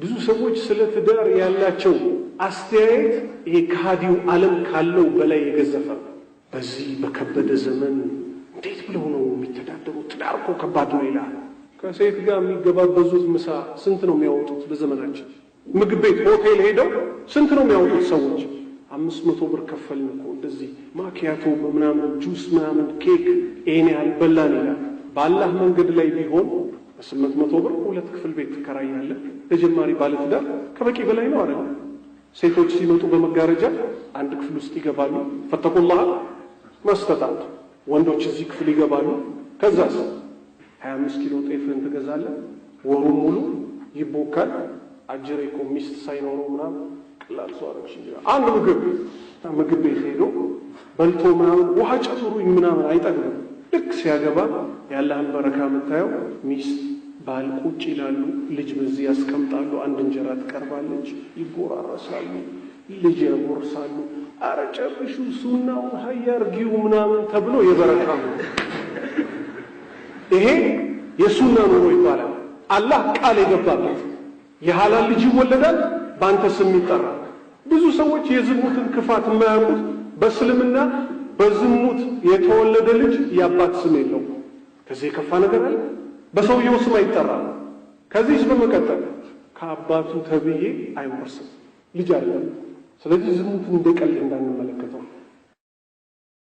ብዙ ሰዎች ስለ ትዳር ያላቸው አስተያየት ይሄ ከሃዲው ዓለም ካለው በላይ የገዘፈ በዚህ በከበደ ዘመን እንዴት ብለው ነው የሚተዳደሩ? ትዳር እኮ ከባድ ነው ይላል። ከሴት ጋር የሚገባበዙት ምሳ ስንት ነው የሚያወጡት? በዘመናችን ምግብ ቤት፣ ሆቴል ሄደው ስንት ነው የሚያወጡት ሰዎች? አምስት መቶ ብር ከፈልን እኮ እንደዚህ ማኪያቶ ምናምን ጁስ ምናምን ኬክ ይሄን ያህል በላን ይላል። በአላህ መንገድ ላይ ቢሆን በስምንት መቶ ብር ሁለት ክፍል ቤት ትከራያለህ። ተጀማሪ ባለትዳር ከበቂ በላይ ነው አይደል? ሴቶች ሲመጡ በመጋረጃ አንድ ክፍል ውስጥ ይገባሉ። ፈተቁላህ መስተጣት ወንዶች እዚህ ክፍል ይገባሉ። ከዛ 25 ኪሎ ጤፍን ትገዛለህ። ወሩን ሙሉ ይቦካል። አጀሬ እኮ ሚስት ሳይኖረው ምናምን ቀላል ሰው አረግሽ አንድ ምግብ ምግብ ቤት ሄዶ በልቶ ምናምን ውሃ ጨምሩኝ ምናምን አይጠግብም። ልክ ሲያገባ የአላህን በረካ የምታየው ሚስት ባል ቁጭ ይላሉ፣ ልጅ በዚህ ያስቀምጣሉ፣ አንድ እንጀራ ትቀርባለች፣ ይጎራረሳሉ፣ ልጅ ያጎርሳሉ። አረ ጨርሹ፣ ሱናውን ምናምን ተብሎ የበረካ ነው። ይሄ የሱና ኑሮ ይባላል። አላህ ቃል የገባበት የሐላል ልጅ ይወለዳል፣ በአንተ ስም ይጠራል። ብዙ ሰዎች የዝሙትን ክፋት የማያውቁት በእስልምና በዝሙ የተወለደ ልጅ የአባት ስም የለው። ከዚህ የከፋ ነገር አለ? በሰውየው ስም አይጠራም። ከዚህ በመቀጠል ከአባቱ ተብዬ አይወርስም ልጅ አለ። ስለዚህ ዝሙትን እንደቀል ቀልድ